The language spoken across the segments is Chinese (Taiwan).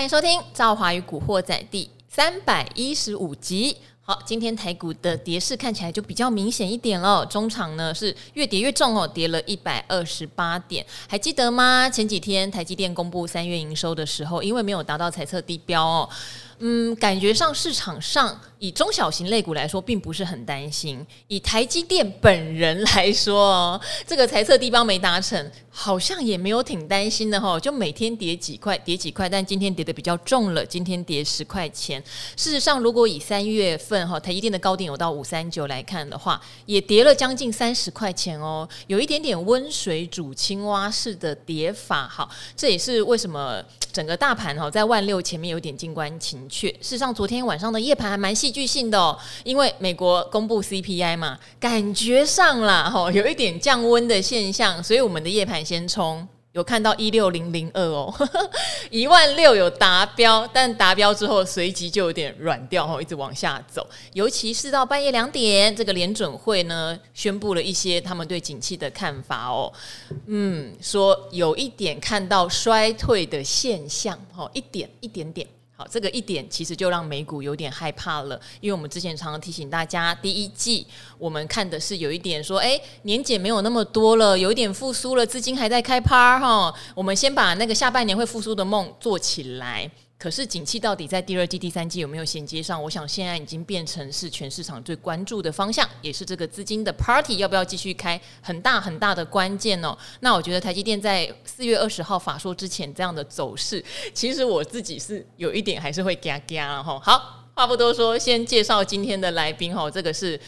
歡迎收聽《趙華與古惑仔》第三百一十五集。好，今天台股的跌勢看起來就比較明顯一點了。中場呢，是越跌越重哦，跌了一百二十八點，還記得嗎？前幾天台積電公布三月營收的時候，因為沒有達到財測低標哦。嗯，感覺上市場上以中小型類股來說，並不是很擔心。以台積電本人來說，這個財測地方，沒達成，好像也沒有挺擔心的哈、哦。就每天跌幾塊，跌幾塊，但今天跌得比較重了，今天跌十塊錢。事實上，如果以三月份哈，台積電的高點有到五三九來看的話，也跌了將近三十塊錢哦，有一點點溫水煮青蛙式的跌法哈。這也是為什麼整個大盤哈，在萬六前面有點靜觀情事實上，昨天晚上的夜盤還蠻戲劇性的哦，因為美國公布 CPI 嘛，感覺上啦哈、哦，有一點降溫的現象，所以我們的夜盤先衝，有看到一六零零二哦，一萬六有達標，但達標之後隨即就有點軟掉哦，一直往下走。尤其是到半夜兩點，這個聯準會呢宣布了一些他們對景氣的看法哦，嗯，說有一點看到衰退的現象，哦，一點一點點。好，這個一點其實就讓美股有點害怕了，因為我們之前常常提醒大家，第一季我們看的是有一點說，哎、欸，年減沒有那麼多了，有一點復甦了，資金還在開趴兒哈，我們先把那個下半年會復甦的夢做起來。可是景氣到底在第二季、第三季有沒有銜接上？我想現在已經變成是全市場最關注的方向，也是這個資金的 Party 要不要繼續開很大很大的關鍵哦。那我覺得台積電在四月二十號法說之前這樣的走勢，其實我自己是有一點還是會嘎嘎。吼。好，話不多說，先介紹今天的來賓吼，這個是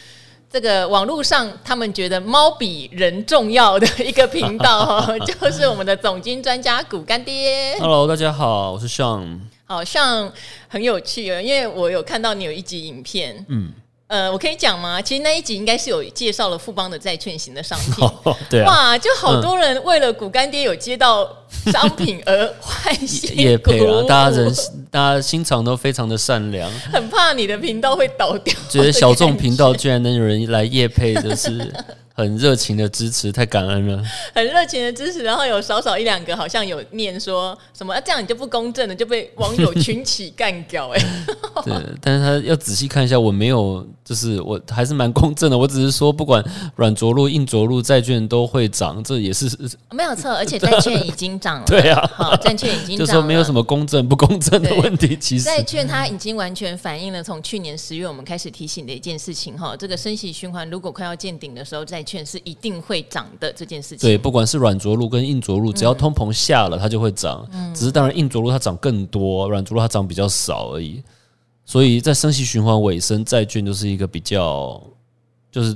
這個網絡上他們覺得貓比人重要的一個頻道哈， 就是我們的總經專家股乾爹。Hello，大家好，我是 Sean。好像很有趣哦，因為我有看到你有一集影片，嗯，呃，我可以講嗎？其實那一集應該是有介紹了富邦的債券型的商品，哦、對、啊，哇，就好多人為了股乾爹有接到商品而愛心 業配啊，大家人 大家心腸都非常的善良，很怕你的頻道會倒掉覺，覺得小眾頻道居然能有人來業配，就是。 很熱情的支持，太感恩了。很熱情的支持，然後有少少一兩個好像有念說什麼，啊，這樣你就不公正了，就被網友群起幹掉、欸，哎。 對，但是他要仔細看一下，我沒有。就是我還是蠻公正的，我只是說，不管軟着陸、硬着陸，債券都會漲，這也是沒有錯。而且債券已經漲了， 對啊、哦，好，債券已經漲， 就說沒有什麼公正不公正的問題。其實債券它已經完全反映了從去年十月我們開始提醒的一件事情哈、嗯，這個升息循環如果快要見頂的時候，債券是一定會漲的這件事情。對，不管是軟着陸跟硬着陸，只要通膨下了，它就會漲。嗯，只是當然硬着陸它漲更多，軟着陸它漲比較少而已。所以在升息循環尾聲，債券就是一個比較就是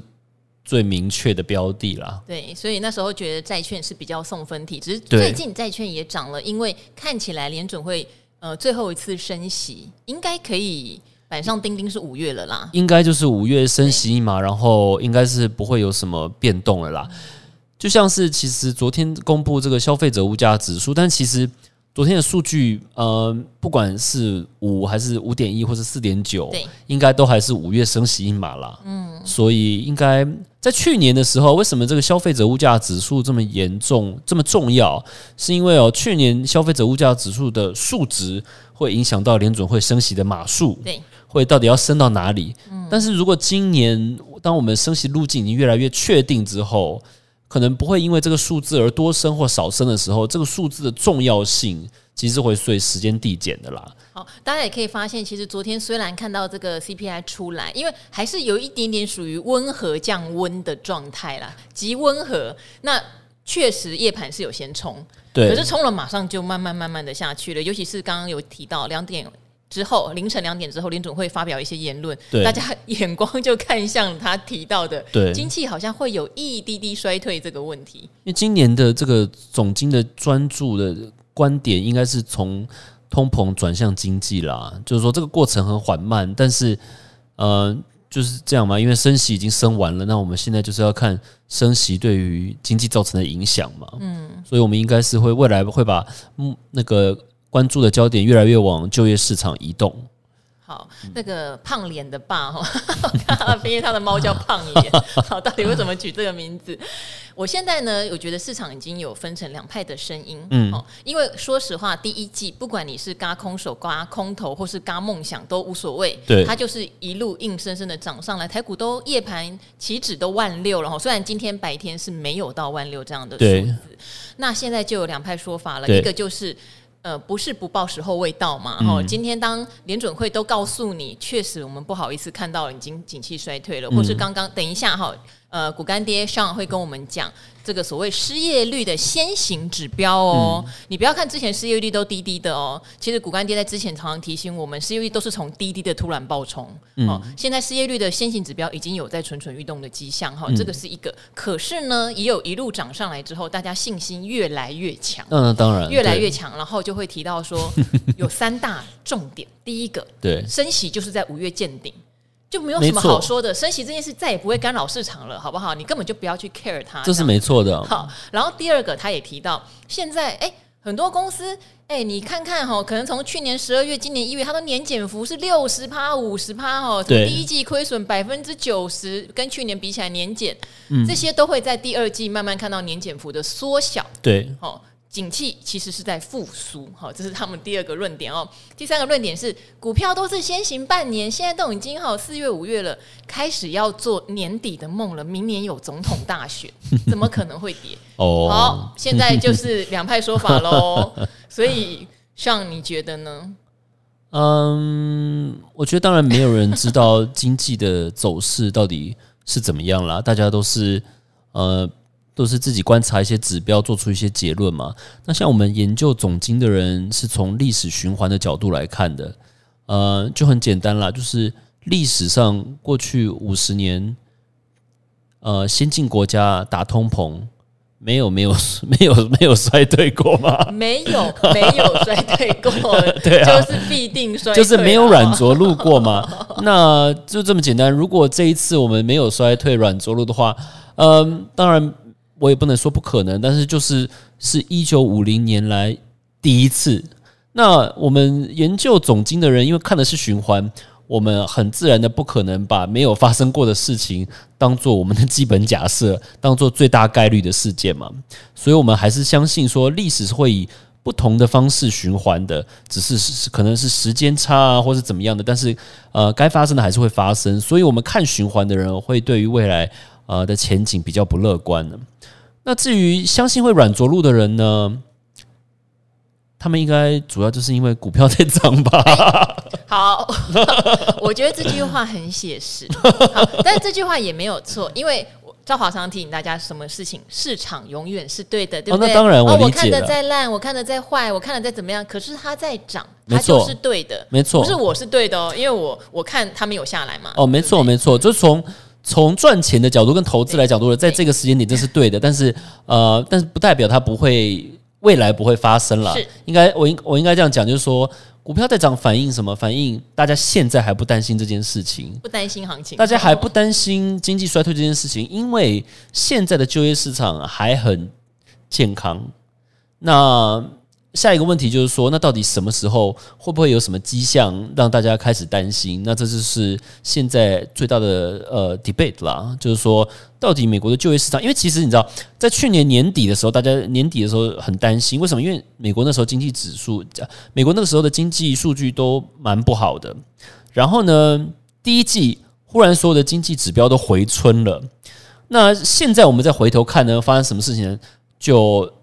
最明確的標的啦。對，所以那時候覺得債券是比較送分題，只是最近債券也漲了，因為看起來聯準會呃最後一次升息應該可以板上釘釘是五月了啦。應該就是五月升息嘛，然後應該是不會有什麼變動了啦。就像是其實昨天公布這個消費者物價指數，但其實。昨天的數據，呃，不管是五還是五點一，或者四點九，對，應該都還是五月升息一碼啦。嗯，所以應該在去年的時候，為什麼這個消費者物價指數這麼嚴重、這麼重要？是因為哦，去年消費者物價指數的數值會影響到聯準會升息的碼數，對，會到底要升到哪裡？嗯，但是如果今年，當我們升息路徑已經越來越確定之後。可能不會因為這個數字而多升或少升的時候，這個數字的重要性其實會隨時間遞減的啦。好，大家也可以發現，其實昨天雖然看到這個 CPI 出來，因為還是有一點點屬於溫和降溫的狀態啦，極溫和。那確實夜盤是有先衝，對，可是衝了馬上就慢慢慢慢的下去了，尤其是剛剛有提到兩點。之後凌晨兩點之後，林總會發表一些言論，大家眼光就看向他提到的對經濟好像會有一滴滴衰退這個問題。因為今年的這個總經的專注的觀點應該是從通膨轉向經濟啦，就是說這個過程很緩慢，但是嗯、呃，就是這樣嘛，因為升息已經升完了，那我們現在就是要看升息對於經濟造成的影響嘛。嗯，所以我們應該是會未來會把嗯那個。關注的焦點越來越往就業市場移動。好，那個胖臉的爸哈，因、嗯、為 他的貓叫胖臉， 好，到底為什麼取這個名字？ 我現在呢，我覺得市場已經有分成兩派的聲音。嗯，哦，因為說實話，第一季不管你是嘎空手、嘎空頭，或是嘎夢想都無所謂，對，它就是一路硬生生的漲上來，台股都夜盤期指都萬六了哈。雖然今天白天是沒有到萬六這樣的數字對，那現在就有兩派說法了，一個就是。呃，不是不報，時候未到嘛。然後、嗯、今天當聯準會都告訴你，確實我們不好意思看到已經景氣衰退了，嗯、或是剛剛等一下哈。呃，股乾爹上會跟我們講這個所謂失業率的先行指標哦、嗯，你不要看之前失業率都低低的哦，其實股乾爹在之前常常提醒我們，失業率都是從低低的突然爆衝、嗯、哦。現在失業率的先行指標已經有在蠢蠢欲動的跡象哈、哦，這個是一個、嗯。可是呢，也有一路漲上來之後，大家信心越來越強。嗯，當然越來越強，然後就會提到說有三大重點， 第一個對升息就是在五月見頂。就沒有什麼好說的，升息這件事再也不會干擾市場了，好不好？你根本就不要去 care 它。這是沒錯的、哦。好，然後第二個，他也提到，現在誒、欸、很多公司誒、欸，你看看哦、喔，可能從去年十二月、今年一月，他說年減幅是六十趴、五十趴哦，第一季虧損百分之九十跟去年比起來年，年減，這些都會在第二季慢慢看到年減幅的縮小。對，哦、嗯。景氣其實是在復甦，哈，這是他們第二個論點喔。第三個論點是，股票都是先行半年，現在都已經好四月五月了，開始要做年底的夢了。明年有總統大選，怎麼可能會跌？ 哦，好，現在就是兩派說法嘍。 所以，像你覺得呢？嗯，我覺得當然沒有人知道經濟的走勢到底是怎麼樣啦。大家都是呃。都是自己觀察一些指標，做出一些結論嘛。那像我們研究總經的人，是從歷史循環的角度來看的。呃，就很簡單啦。就是歷史上過去五十年，呃，先進國家打通膨，沒有沒有沒有沒有衰退過嗎？沒有沒有衰退過， 對、啊，就是必定衰退，就是沒有軟着陸過嗎？那就這麼簡單。如果這一次我們沒有衰退軟着陸的話，呃，當然。我也不能說不可能，但是就是是一九五零年來第一次。那我們研究總經的人，因為看的是循環，我們很自然的不可能把沒有發生過的事情當做我們的基本假設，當做最大概率的事件嘛。所以，我們還是相信說歷史是會以不同的方式循環的，只是可能是時間差啊，或是怎麼樣的。但是，呃，該發生的還是會發生。所以我們看循環的人，會對於未來呃的前景比較不樂觀呢那至於相信會軟着陸的人呢，他們應該主要就是因為股票在漲吧。好， 我覺得這句話很寫實。好，但是這句話也沒有錯，因為趙華商提醒大家，什麼事情市場永遠是對的，對不對？哦，那當然我理解，我我看得再爛，我看得再壞，我看得再怎麼樣，可是它在漲，它就是對的，沒錯，不是我是對的哦，因為我我看它沒有下來嘛。哦，沒錯，沒錯，就是從。從賺錢的角度跟投資來講，度，在這個時間點這是對的，對，但是呃，但是不代表它不會未來不會發生了。是。應該我，我應我應該這樣講，就是說，股票在漲，反映什麼？反映大家現在還不擔心這件事情，不擔心行情，大家還不擔心經濟衰退這件事情，因為現在的就業市場還很健康。那下一個問題就是說，那到底什麼時候會不會有什麼跡象讓大家開始擔心？那這就是現在最大的呃 debate 啦，就是說到底美國的就業市場，因為其實你知道，在去年年底的時候，大家年底的時候很擔心，為什麼？因為美國那時候經濟指數，美國那個時候的經濟數據都蠻不好的。然後呢，第一季忽然所有的經濟指標都回春了。那現在我們再回頭看呢，發生什麼事情呢？就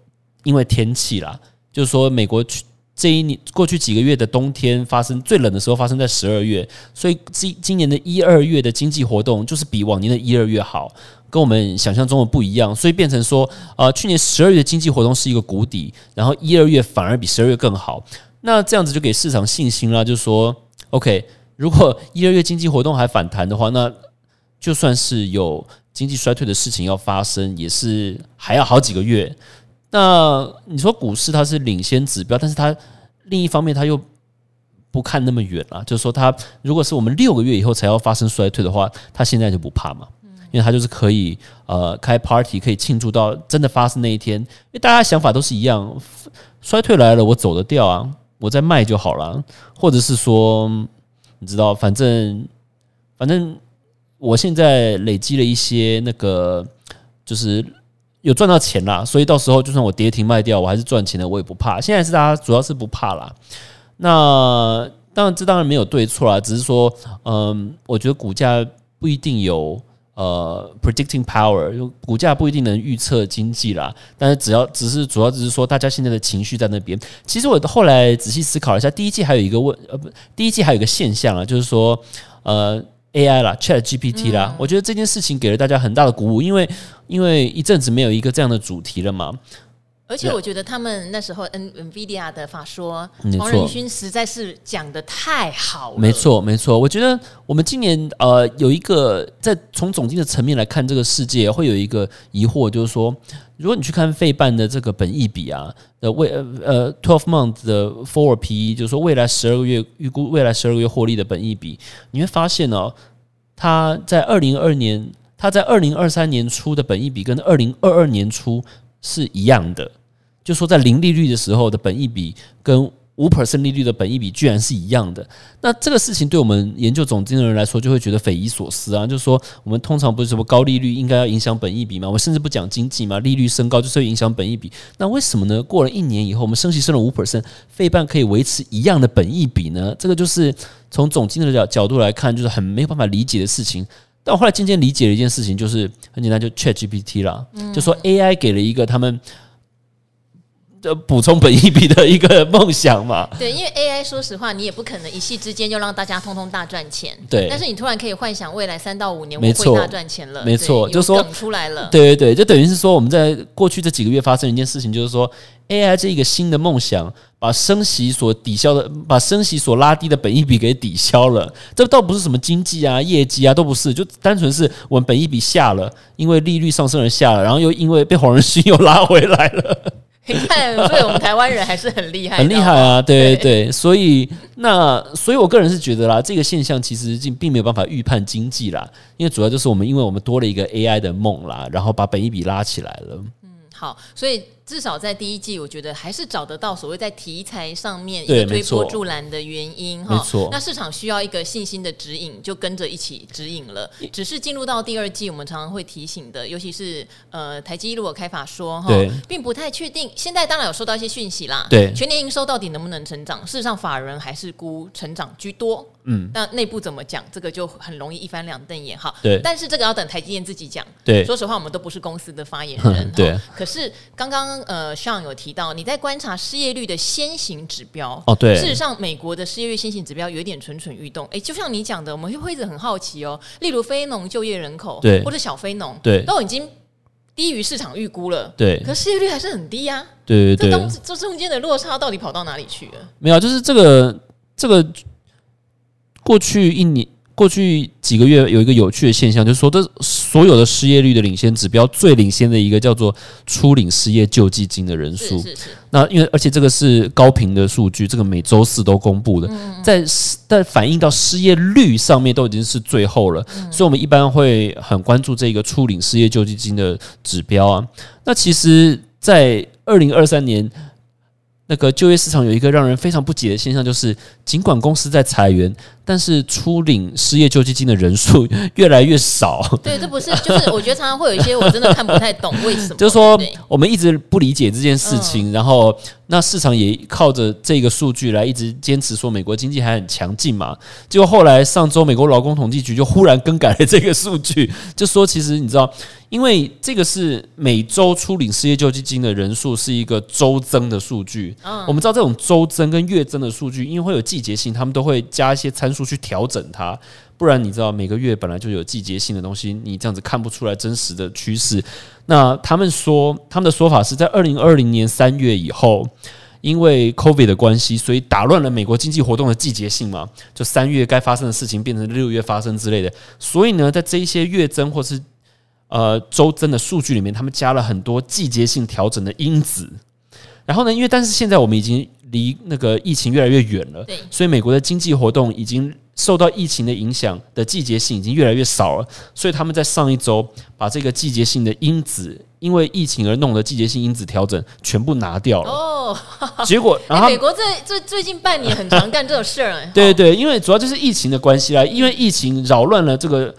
因為天氣啦。就是說，美國去這一年過去幾個月的冬天發生最冷的時候發生在十二月，所以今今年的一二月的經濟活動就是比往年的一二月好，跟我們想象中的不一樣，所以變成說，呃，去年十二月的經濟活動是一個谷底，然後一二月反而比十二月更好，那這樣子就給市場信心啦，就是說，OK，如果一二月經濟活動還反彈的話，那就算是有經濟衰退的事情要發生，也是還要好幾個月。那你說股市它是領先指標，但是它另一方面，它又不看那麼遠了。就是說，它如果是我們六個月以後才要發生衰退的話，它現在就不怕嘛，因為它就是可以呃開 party 可以慶祝到真的發生那一天。因為大家想法都是一樣，衰退來了我走得掉啊，我再賣就好了，或者是說你知道，反正反正我現在累積了一些那個就是。有賺到錢啦，所以到時候就算我跌停賣掉，我還是賺錢的，我也不怕。現在是大家主要是不怕啦。那當然，這當然沒有對錯啦，只是說，嗯，我覺得股價不一定有呃 predicting power，就股價不一定能預測經濟啦。但是只要只是主要就是說，大家現在的情緒在那邊。其實我後來仔細思考了一下，第一季還有一個問，呃不，第一季還有一個現象啊，就是說，呃。AI 啦，ChatGPT 啦，嗯，我覺得這件事情給了大家很大的鼓舞，因為因為一陣子沒有一個這樣的主題了嘛。而且我覺得他們那時候 NVIDIA 的法說，黃仁勳實在是講得太好了，沒太好了沒。沒錯，沒錯。我覺得我們今年呃有一個在從總經的層面來看這個世界會有一個疑惑，就是說如果你去看費半的這個本益比啊，呃未呃呃 twelve months 的 forward PE 就是說未來十二個月預估未來十二個月獲利的本益比，你會發現哦，他在二零二二年，他在二零二三年初的本益比跟二零二二年初。是一樣的，就是說在零利率的時候的本益比跟五 percent 利率的本益比居然是一樣的，那這個事情對我們研究總經的人來說就會覺得匪夷所思啊！就是說我們通常不是什麼高利率應該要影響本益比嘛，我們甚至不講經濟嘛，利率升高就是會影響本益比，那為什麼呢？過了一年以後，我們升息升了五 percent，費半可以維持一樣的本益比呢？這個就是從總經的角角度來看，就是很沒有辦法理解的事情。但我後來漸漸理解了一件事情，就是很簡單，就 ChatGPT 啦，就說 AI 給了一個他們。呃，補充本益比的一個夢想嘛？對，因為 AI，說實話，你也不可能一夕之間就讓大家通通大賺錢。對，但是你突然可以幻想未來三到五年，我們會大賺錢了。沒錯，就說出來了。對對對，就等於是說，我們在過去這幾個月發生一件事情，就是說 AI 這一個新的夢想，把升息所抵消的，把升息所拉低的本益比給抵消了。這倒不是什麼經濟啊、業績啊，都不是，就單純是我們本益比下了，因為利率上升而下了，然後又因為被黃仁勳又拉回來了。 你看，所以我們台灣人還是很厲害， 很厲害啊！對對對，所以那，所以我個人是覺得啦，這個現象其實並並沒有辦法預判經濟啦，因為主要就是我們，因為我們多了一個 AI 的夢啦，然後把本益比拉起來了。好，所以至少在第一季，我覺得還是找得到所謂在題材上面一個推波助瀾的原因哈、哦。那市場需要一個信心的指引，就跟着一起指引了。只是進入到第二季，我們常常會提醒的，尤其是呃台積一路開法說哈、哦，並不太確定。現在當然有收到一些訊息啦，對全年營收到底能不能成長？事實上，法人還是估成長居多。嗯，那內部怎麼講？這個就很容易一翻兩瞪眼哈。對，但是這個要等台積電自己講。對，說實話，我們都不是公司的發言人。嗯、對。可是剛剛呃，徐有提到，你在觀察失業率的先行指標哦。對。事實上，美國的失業率先行指標有點蠢蠢欲動。哎、欸，就像你講的，我們會一直很好奇哦。例如非農就業人口，對，或者小非農，對，都已經低於市場預估了。對。可是失業率還是很低呀、啊。對對對。這中這中間的落差到底跑到哪裡去了？沒有，就是這個這個。過去一年，過去幾個月有一個有趣的現象，就是說，這所有的失業率的領先指標，最領先的一個叫做初領失業救濟金的人數。是是是。那因為而且這個是高頻的數據，這個每周四都公布的，嗯、在但反映到失業率上面都已經是最後了，嗯、所以我們一般會很關注這個初領失業救濟金的指標啊。那其實，在二零二三年，那個就業市場有一個讓人非常不解的現象，就是儘管公司在裁員。但是，初領失業救濟金的人數越來越少。對，這不是就是我覺得常常會有一些我真的看不太懂為什麼。 就是說，我們一直不理解這件事情，嗯、然後那市場也靠着這個數據來一直堅持說美國經濟還很強勁嘛。結果後來上周美國勞工統計局就忽然更改了這個數據，就說其實你知道，因為這個是每周初領失業救濟金的人數是一個周增的數據。嗯，我們知道這種周增跟月增的數據，因為會有季節性，他們都會加一些參。去調整它，不然你知道每個月本來就有季節性的東西，你這樣子看不出來真實的趨勢。那他們說，他們的說法是在二零二零年三月以後，因為 COVID 的關係，所以打亂了美國經濟活動的季節性嘛，就三月該發生的事情變成六月發生之類的。所以呢，在這一些月增或是呃周增的數據裡面，他們加了很多季節性調整的因子。然後呢，因為但是現在我們已經。離那個疫情越來越遠了，所以美國的經濟活動已經受到疫情的影響的季節性已經越來越少了，所以他們在上一周把這個季節性的因子，因為疫情而弄的季節性因子調整全部拿掉了。哦，結果然後美國這最最近半年很常幹這種事兒，對對，因為主要就是疫情的關係啦，因為疫情擾亂了這個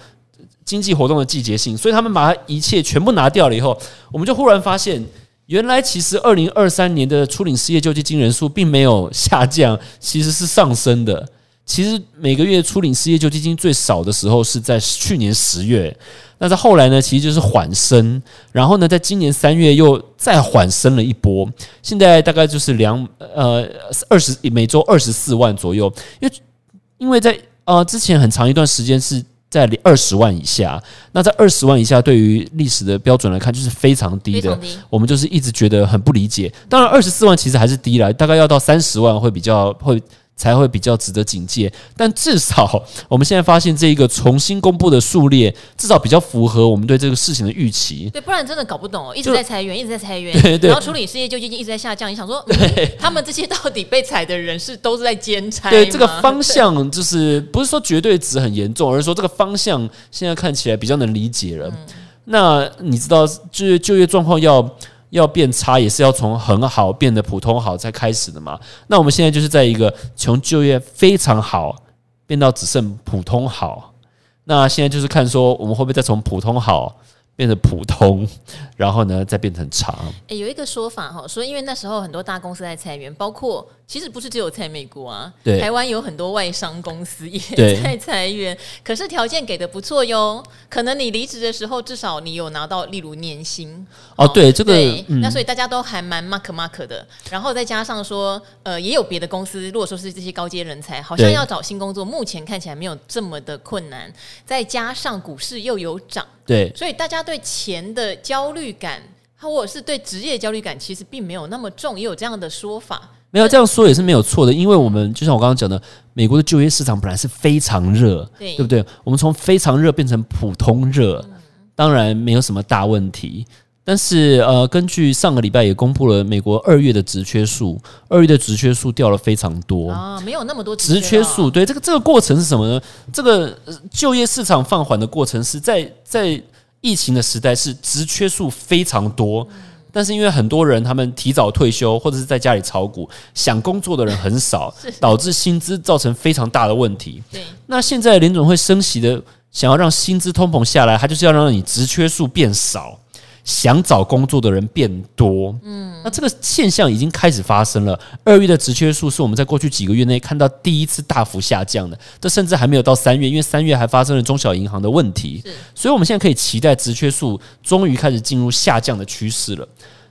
經濟活動的季節性，所以他們把它一切全部拿掉了以後，我們就忽然發現。原來其實二零二三年的初領失業救濟金人數並沒有下降，其實是上升的。其實每個月初領失業救濟金最少的時候是在去年十月，但是後來呢，其實就是緩升，然後呢，在今年三月又再緩升了一波。現在大概就是兩呃二十每周二十四萬左右，因為因為在呃之前很長一段時間是。在二十萬以下，那在二十萬以下，對於歷史的標準來看，就是非常低的，非常低。我們就是一直覺得很不理解。當然，二十四萬其實還是低了，大概要到三十萬會比較會。才會比較值得警戒，但至少我們現在發現這一個重新公布的數列，至少比較符合我們對這個事情的預期。對，不然真的搞不懂哦，一直在裁員，一直在裁員,在裁員，然後處理事業就最近一直在下降。你想說、嗯，他們這些到底被裁的人是都是在兼差？對，這個方向就是不是說絕對值很嚴重，而是說這個方向現在看起來比較能理解了。嗯、那你知道就業就業狀況要？要變差也是要從很好變得普通好才開始的嘛。那我們現在就是在一個從就業非常好變到只剩普通好，那現在就是看說我們會不會再從普通好。變得普通，然後呢，再變成長。哎、欸，有一個說法哈，說因為那時候很多大公司在裁員，包括其實不是只有在美國啊，對，台灣有很多外商公司也在裁員，可是條件給的不錯喲。可能你離職的時候，至少你有拿到，例如年薪哦。對，這個對、嗯、那所以大家都還蠻 mark mark 的。然後再加上說，呃，也有別的公司，如果說是這些高階人才，好像要找新工作，目前看起來沒有這麼的困難。再加上股市又有漲。對，所以大家對錢的焦慮感，或者是對職業焦慮感，其實並沒有那麼重，也有這樣的說法。沒有這樣說也是沒有錯的，因為我們就像我剛剛講的，美國的就業市場本來是非常熱，對對不對？我們從非常熱變成普通熱，嗯、當然沒有什麼大問題。但是，呃，根據上個禮拜也公布了美國二月的職缺數，二月的職缺數掉了非常多啊，沒有那麼多職缺數。對這個這個過程是什麼呢？這個就業市場放緩的過程是在在疫情的時代是職缺數非常多，但是因為很多人他們提早退休或者是在家裡炒股，想工作的人很少，導致薪資造成非常大的問題。對，那現在聯準會升息的，想要讓薪資通膨下來，他就是要讓你職缺數變少。想找工作的人變多，嗯，那這個現象已經開始發生了。二月的職缺數是我們在過去幾個月內看到第一次大幅下降的，這甚至還沒有到三月，因為三月還發生了中小銀行的問題。是。所以我們現在可以期待職缺數終於開始進入下降的趨勢了。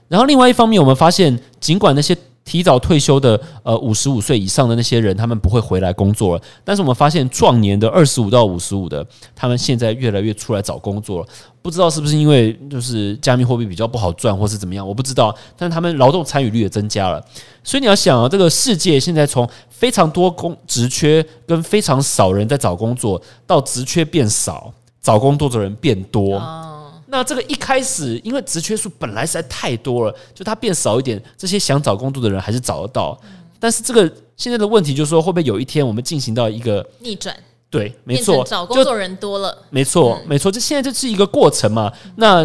然後，另外一方面，我們發現，儘管那些。提早退休的，呃，五十五歲以上的那些人，他們不會回來工作了。但是我們發現，壯年的二十五到五十五的，他們現在越來越出來找工作了。不知道是不是因為就是加密貨幣比較不好賺，或是怎麼樣，我不知道。但是他們勞動參與率也增加了。所以你要想啊，這個世界現在從非常多工職缺跟非常少人在找工作，到職缺變少，找工作的人變多，嗯。那這個一開始，因為職缺數本來實在太多了，就它變少一點，這些想找工作的人還是找得到。嗯、但是這個現在的問題就是說，會不會有一天我們進行到一個逆轉？對，沒錯，找工作人多了，沒錯、嗯，沒錯。這現在就是一個過程嘛。那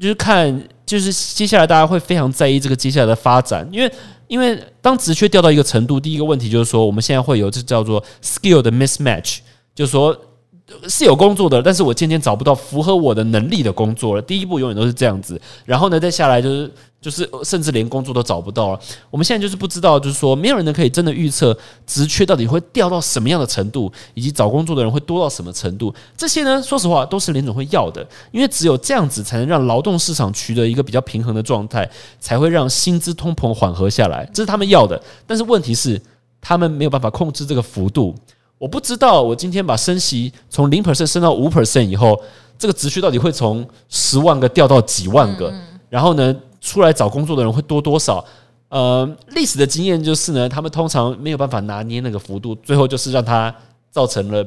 就是看，就是接下來大家會非常在意這個接下來的發展，因為因為當職缺掉到一個程度，第一個問題就是說，我們現在會有這叫做 skill 的 mismatch，就是說。是有工作的，但是我漸漸找不到符合我的能力的工作了。第一步永遠都是這樣子，然後呢，再下來就是就是，甚至連工作都找不到了。我們現在就是不知道，就是說沒有人能可以真的預測職缺到底會掉到什麼樣的程度，以及找工作的人會多到什麼程度。這些呢，說實話都是聯準會要的，因為只有這樣子才能讓勞動市場取得一個比較平衡的狀態，才會讓薪資通膨緩和下來，這是他們要的。但是問題是，他們沒有辦法控制這個幅度。我不知道，我今天把升息從零 percent 升到五 percent 以後，這個職缺到底會從十萬個掉到幾萬個？然後呢，出來找工作的人會多多少？呃，歷史的經驗就是呢，他們通常沒有辦法拿捏那個幅度，最後就是讓它造成了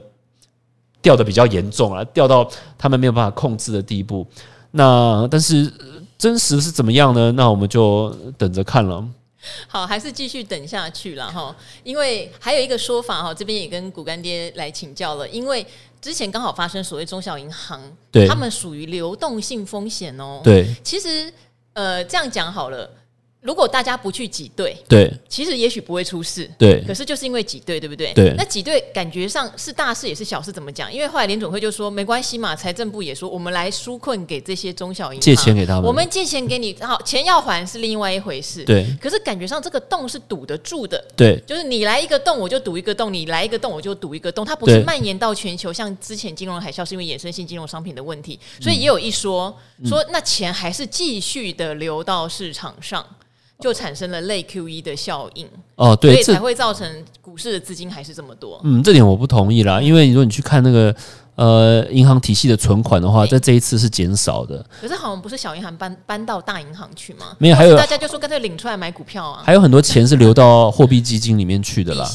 掉的比較嚴重啊，掉到他們沒有辦法控制的地步。那但是真實是怎麼樣呢？那我們就等着看了。好，還是繼續等下去了哈，因為還有一個說法哈，這邊也跟股乾爹來請教了，因為之前剛好發生所謂中小銀行，對，他們屬於流動性風險哦。對，其實呃，這樣講好了。如果大家不去擠兌，對，其實也許不會出事，對。可是就是因為擠兌，對不對？對。那擠兌感覺上是大事也是小事，怎麼講？因為後來聯準會就說沒關係嘛，財政部也說我們來紓困給這些中小銀行，借錢給他們，我們借錢給你，好，錢要還是另外一回事，對。可是感覺上這個洞是堵得住的，對。就是你來一個洞我就堵一個洞，你來一個洞我就堵一個洞，它不是蔓延到全球，像之前金融海嘯是因為衍生性金融商品的問題，所以也有一說、嗯、說那錢還是繼續的流到市場上。就產生了類 QE 的效應哦，對，所以才會造成股市的資金還是這麼多。嗯，這點我不同意啦，因為如果你去看那個呃銀行體系的存款的話，欸、在這一次是減少的。可是好像不是小銀行搬搬到大銀行去嗎？沒有，還有大家就說乾脆領出來買股票啊，還有很多錢是流到貨幣基金裡面去的啦。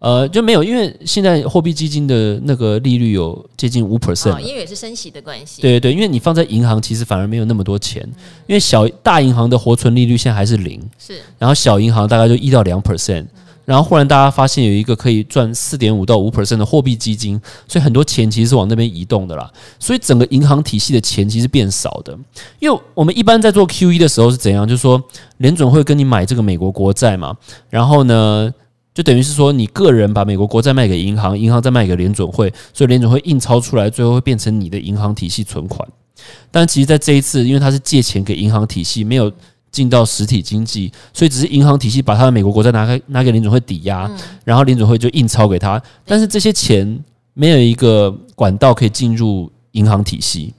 呃，就沒有，因為現在貨幣基金的那個利率有接近五 percent，哦，因為也是升息的關係。對對對，因為你放在銀行，其實反而沒有那麼多錢，嗯，因為小大銀行的活存利率現在還是零，是，然後小銀行大概就一到兩 percent，然後忽然大家發現有一個可以賺四點五到五 percent 的貨幣基金，所以很多錢其實是往那邊移動的啦，所以整個銀行體系的錢其實變少的。因為我們一般在做 Q E 的時候是怎樣，就是說聯準會跟你買這個美國國債嘛，然後呢？就等於是說，你個人把美國國債賣給銀行，銀行再賣給聯準會，所以聯準會印鈔出來，最後會變成你的銀行體系存款。但其實，在這一次，因為他是借錢給銀行體系，沒有進到實體經濟，所以只是銀行體系把他的美國國債拿給拿給聯準會抵押、嗯，然後聯準會就印鈔給他。但是這些錢沒有一個管道可以進入銀行體系，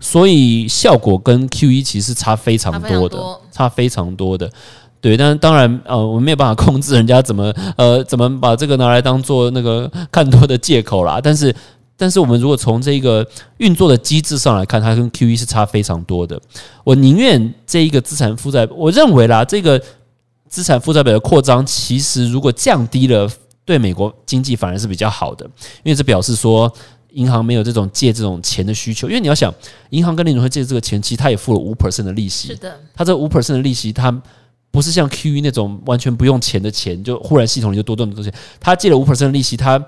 所以效果跟 QE 其實是差非常多的，差非常多，差非常多的。對，但當然，呃，我們沒有辦法控制人家怎麼，呃，怎麼把這個拿來當做那個看多的借口啦。但是，但是我們如果從這一個運作的機制上來看，它跟 QE 是差非常多的。我寧願這一個資產負債，我認為啦，這個資產負債表的擴張，其實如果降低了對美國經濟反而是比較好的，因為這表示說銀行沒有這種借這種錢的需求。因為你要想，銀行跟聯準會借這個錢，其實他也付了五 percent 的利息，是的，他這五 percent 的利息，他。不是像 QE 那種完全不用錢的錢，就忽然系統裡就多這麼多東西。他借了五 percent 利息，他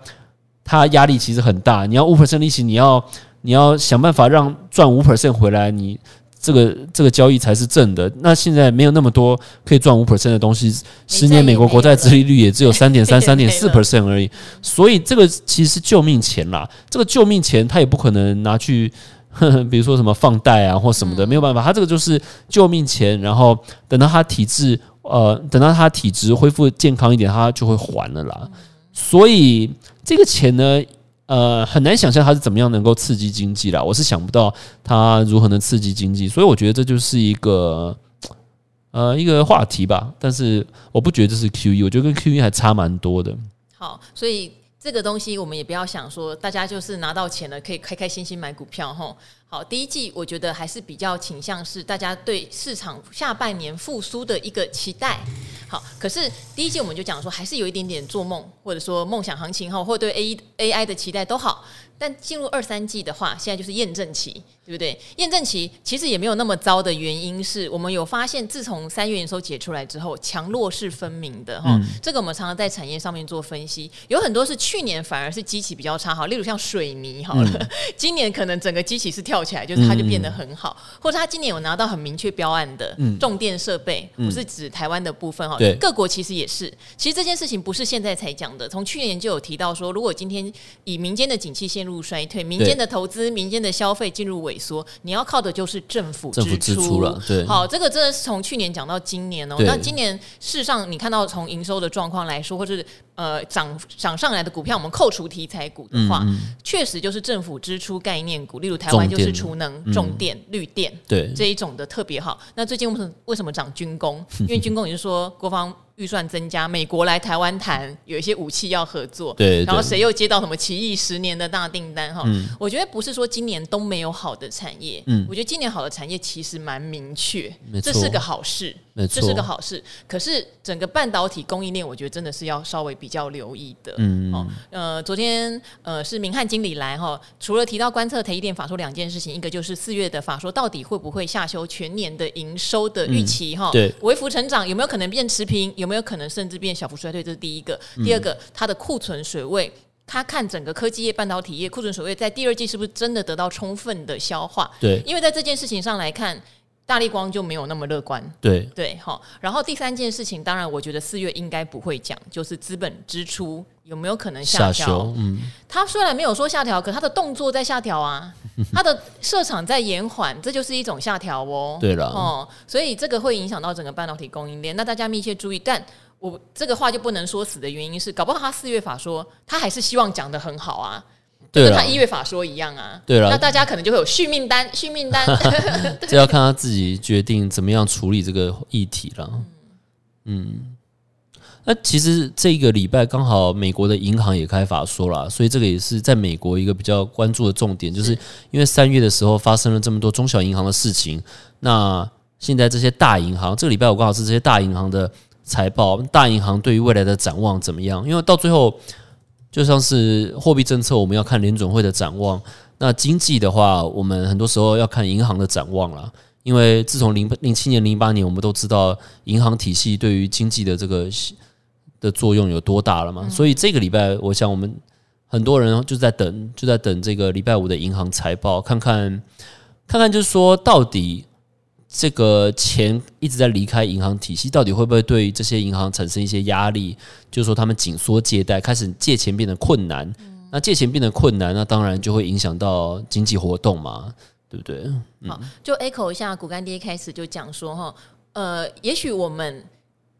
他壓力其實很大。你要五 percent 利息，你要你要想辦法讓賺五 percent 回來，你這個這個交易才是正的。那現在沒有那麼多可以賺五 percent 的東西，十年美國國債殖利率也只有三點三、三點四 percent 而已。所以這個其實是救命錢啦。這個救命錢他也不可能拿去。 比如說什麼放貸啊或什麼的，沒有辦法，他這個就是救命錢，然後等到他體質呃，等到他體質恢復健康一點，他就會還了啦。所以這個錢呢，呃，很難想象他是怎麼樣能夠刺激經濟啦。我是想不到他如何能刺激經濟，所以我覺得這就是一個呃一個話題吧。但是我不覺得這是 QE，我覺得跟 QE 還差蠻多的。好，所以。這個東西我們也不要想說，大家就是拿到錢了可以開開心心買股票吼，好，第一季我覺得還是比較傾向是大家對市場下半年復甦的一個期待。好，可是第一季我們就講說，還是有一點點做夢或者說夢想行情哈，或者對 A A I 的期待都好。但進入二三季的話，現在就是驗證期，對不對？驗證期其實也沒有那麼糟的原因是我們有發現，自從三月營收解出來之後，強弱是分明的哈、嗯。這個我們常常在產業上面做分析，有很多是去年反而是基期比較差哈，例如像水泥好了，嗯、今年可能整個基期是跳起來，就是它就變得很好，嗯、或者它今年有拿到很明確標案的重電設備，不是指台灣的部分哈，對、各國其實也是。其實這件事情不是現在才講的，從去年就有提到說，如果今天以民間的景氣陷入。入衰退，民間的投資、民間的消費進入萎縮，你要靠的就是政府支出。政府支出了、啊，對。好，這個真的是從去年講到今年哦、喔。那今年事實上你看到從營收的狀況來說，或者是呃漲漲上來的股票，我們扣除題材股的話，確、嗯嗯、實就是政府支出概念股，例如台灣就是儲能重、嗯、重電、綠電，對這一種的特別好。那最近為什麼為什麼漲軍工？ 因為軍工也就是說國防。預算增加，美國來台灣談有一些武器要合作，對，對，然後誰又接到什麼奇異十年的大訂單？哈、嗯，我覺得不是說今年都沒有好的產業，嗯，我覺得今年好的產業其實蠻明確，沒錯，這是個好事，沒錯，這是個好事。可是整個半導體供應鏈，我覺得真的是要稍微比較留意的。嗯，哦，呃，昨天呃是明翰經理來哈、哦，除了提到觀測台積電法說兩件事情，一個就是四月的法說到底會不會下修全年的營收的預期？哈、嗯，對，微幅成長有沒有可能變持平？有有沒有可能甚至變小幅衰退？這是第一個。嗯、第二個，它的庫存水位，他看整個科技業、半導體業庫存水位在第二季是不是真的得到充分的消化？對，因為在這件事情上來看。大立光就沒有那麼樂觀。對對，好。然後第三件事情，當然我覺得四月應該不會講，就是資本支出有沒有可能下調？嗯，他雖然沒有說下調，可他的動作在下調啊，他的設廠在延緩，這就是一種下調哦。對了，哦，所以這個會影響到整個半導體供應鏈，那大家密切注意。但我這個話就不能說死的原因是，搞不好他四月法說他還是希望講得很好啊。對了，他一月法說一樣啊，對啊。那大家可能就會有續命單，續命單， 這要看他自己決定怎麼樣處理這個議題了。嗯，那其實這個禮拜剛好美國的銀行也開法說了，啊，所以這個也是在美國一個比較關注的重點，就是因為三月的時候發生了這麼多中小銀行的事情，那現在這些大銀行，這個禮拜我剛好是這些大銀行的財報，大銀行對於未來的展望怎麼樣？因為到最後。就像是貨幣政策，我們要看聯準會的展望；那經濟的話，我們很多時候要看銀行的展望了，因為自從零零七年、零八年，我們都知道銀行體系對於經濟的這個的作用有多大了嘛。所以這個禮拜，我想我們很多人就在等，就在等這個禮拜五的銀行財報，看看看看，就是說到底。這個錢一直在離開銀行體系，到底會不會對這些銀行產生一些壓力？就是說他們緊縮借貸，開始借錢變得困難，嗯。那借錢變得困難，那當然就會影響到經濟活動嘛，對不對？嗯，好，就 echo 一下股乾爹開始就講說哈，呃，也許我們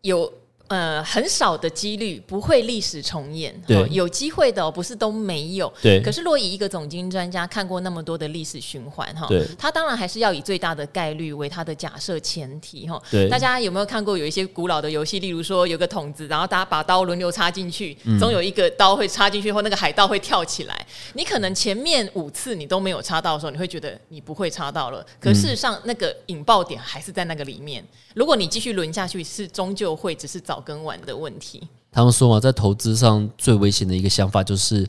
有。呃，很少的幾率不會歷史重演，對，哦、有機會的、哦、不是都沒有，對。可是，若以一個總經專家看過那麼多的歷史循環，哈、哦，對，他當然還是要以最大的概率為他的假設前提，哈、哦，對。大家有沒有看過有一些古老的遊戲，例如說有個桶子，然後大家把刀輪流插進去、嗯，總有一個刀會插進去後，那個海盜會跳起來。你可能前面五次你都沒有插到的時候，你會覺得你不會插到了，可是事實上那個引爆點還是在那個裡面。嗯如果你繼續輪下去，是終究會只是早跟晚的問題。他們說嘛，在投資上最危險的一個想法就是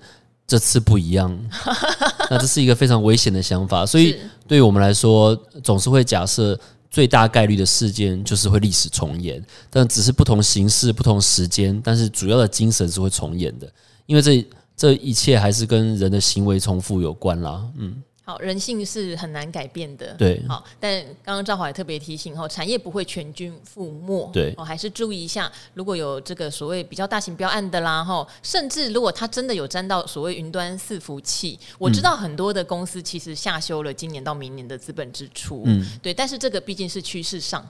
這次不一樣， 那這是一個非常危險的想法。所以對於我們來說，總是會假設最大概率的事件就是會歷史重演，但只是不同形式、不同時間，但是主要的精神是會重演的，因為這這一切還是跟人的行為重複有關啦。嗯。好，人性是很難改變的。對，好，但剛剛趙華也特別提醒，哈，產業不會全軍覆沒。對，我還是注意一下，如果有這個所謂比較大型標案的啦，哈，甚至如果它真的有沾到所謂雲端伺服器，我知道很多的公司其實下修了今年到明年的資本支出。嗯，對，但是這個畢竟是趨勢上。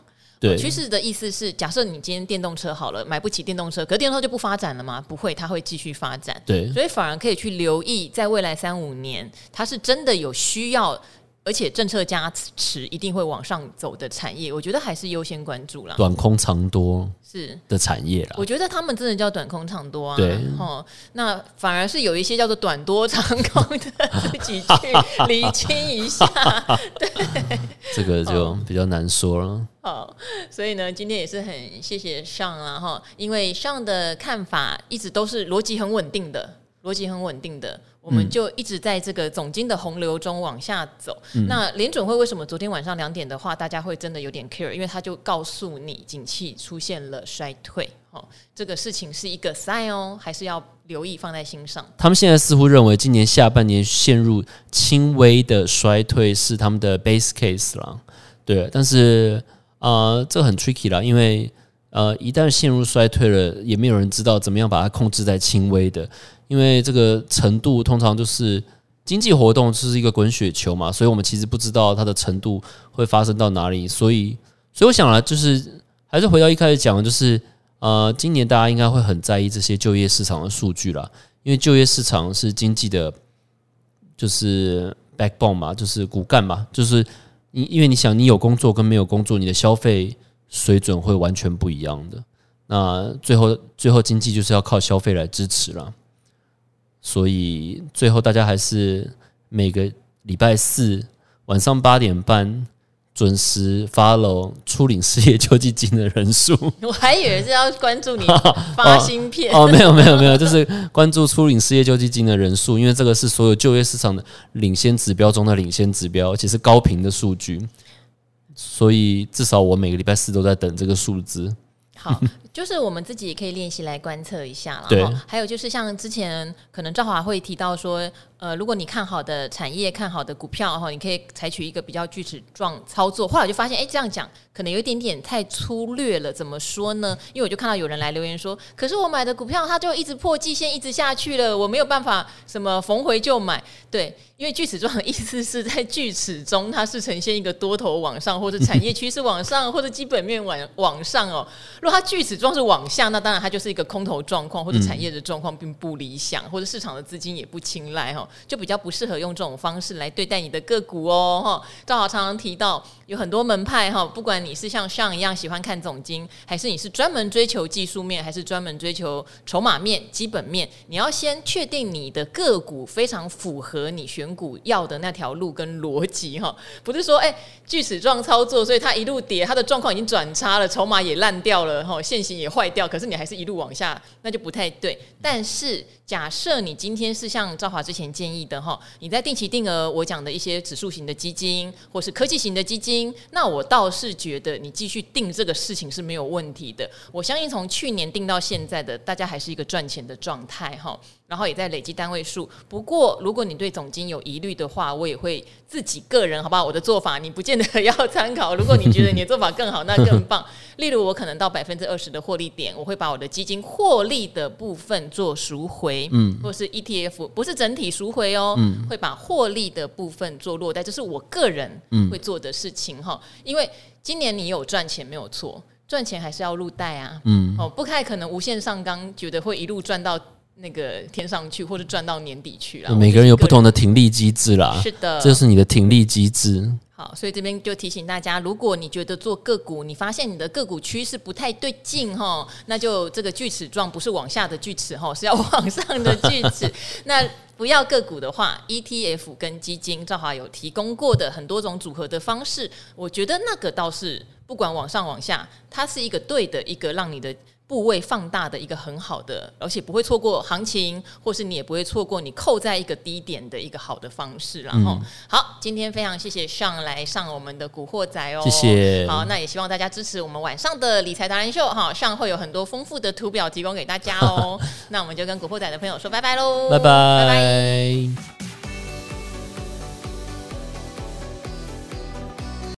趨勢的意思是，假設你今天電動車好了，買不起電動車，可電動車就不發展了嗎？不會，它會繼續發展。對，所以反而可以去留意，在未來三五年，它是真的有需要。而且政策加持一定會往上走的產業，我覺得還是優先關注啦。短空長多是的產業啦，我覺得他們真的叫短空長多啊。對，哦，那反而是有一些叫做短多長空的自己去釐清一下。 對，這個就比較難說了。哦，所以呢，今天也是很謝謝 Sean 啊哈，因為 Sean 的看法一直都是邏輯很穩定的。邏輯很穩定的，我們就一直在這個總經的洪流中往下走。嗯、那聯準會為什麼昨天晚上兩點的話，大家會真的有點 care？因為他就告訴你，景氣出現了衰退，哦，這個事情是一個 sign 哦，還是要留意放在心上。他們現在似乎認為今年下半年陷入輕微的衰退是他們的 base case 了，對了，但是呃，這很 tricky 啦，因為。呃，一旦陷入衰退了，也沒有人知道怎麼樣把它控制在輕微的，因為這個程度通常就是經濟活動就是一個滾雪球嘛，所以我們其實不知道它的程度會發生到哪裡。所以，所以我想啊，就是還是回到一開始講的，就是呃，今年大家應該會很在意這些就業市場的數據啦，因為就業市場是經濟的，就是 backbone 嘛，就是骨幹嘛，就是因因為你想，你有工作跟沒有工作，你的消費。水準會完全不一樣的。那最後，最後經濟就是要靠消費來支持了。所以最後，大家還是每個禮拜四晚上八點半準時 follow 初領失業救濟金的人數。我還以為是要關注你發芯片 哦，哦，哦，沒有沒有沒有，沒有 就是關注初領失業救濟金的人數，因為這個是所有就業市場的領先指標中的領先指標，而且是高頻的數據。所以，至少我每個禮拜四都在等這個數字。好。就是我們自己也可以練習來觀測一下，然後還有就是像之前可能趙華會提到說，呃，如果你看好的產業、看好的股票的話，你可以採取一個比較鋸齒狀操作。後來我就發現，哎、欸，這樣講可能有一點點太粗略了。怎麼說呢？因為我就看到有人來留言說，可是我買的股票，它就一直破季線，一直下去了，我沒有辦法什麼逢回就買。對，因為鋸齒狀的意思是在鋸齒中，它是呈現一個多頭往上，或者產業趨勢往上， 或者基本面往往上哦、喔。如果它鋸齒，狀是往下，那當然它就是一個空頭狀況，或者產業的狀況並不理想，嗯、或者市場的資金也不青睞哈，就比較不適合用這種方式來對待你的個股哦哈。趙豪常常提到，有很多門派哈，不管你是像像一樣喜歡看總經，還是你是專門追求技術面，還是專門追求籌碼面、基本面，你要先確定你的個股非常符合你選股要的那條路跟邏輯哈，不是說哎鋸齒狀操作，所以它一路跌，它的狀況已經轉差了，籌碼也爛掉了哈，現行也壞掉，可是你還是一路往下，那就不太對。但是假設你今天是像趙華之前建議的哈，你在定期定額我講的一些指數型的基金或是科技型的基金，那我倒是覺得你繼續定這個事情是沒有問題的。我相信從去年定到現在的，大家還是一個賺錢的狀態哈。然後也在累計單位數。不過，如果你對總經有疑慮的話，我也會自己個人，好不好？我的做法你不見得要參考。如果你覺得你的做法更好，那更棒。 例如，我可能到百分之二十的獲利點，我會把我的基金獲利的部分做贖回，嗯，或是 ETF，不是整體贖回哦，嗯、會把獲利的部分做落袋，這是我個人會做的事情哈、嗯。因為今年你有賺錢沒有錯，賺錢還是要入袋啊，嗯，哦，不太可能無限上綱，覺得會一路賺到。那個天上去，或者賺到年底去了。每個人有不同的停利機制啦，是的，這是你的停利機制。好，所以這邊就提醒大家，如果你覺得做個股，你發現你的個股趨勢不太對勁吼，那就這個鋸齒狀不是往下的鋸齒吼，是要往上的鋸齒。 那不要個股的話，ETF 跟基金，正好有提供過的很多種組合的方式，我覺得那個倒是不管往上往下，它是一個對的一個讓你的。部位放大的一個很好的，而且不會錯過行情，或是你也不會錯過你扣在一個低點的一個好的方式。然後，嗯、好，今天非常謝謝 Sean 來上我們的古惑仔哦，謝謝。好，那也希望大家支持我們晚上的理財達人秀哈，Sean 會有很多豐富的圖表提供給大家哦。 那我們就跟古惑仔的朋友說拜拜嘍，拜拜。Bye bye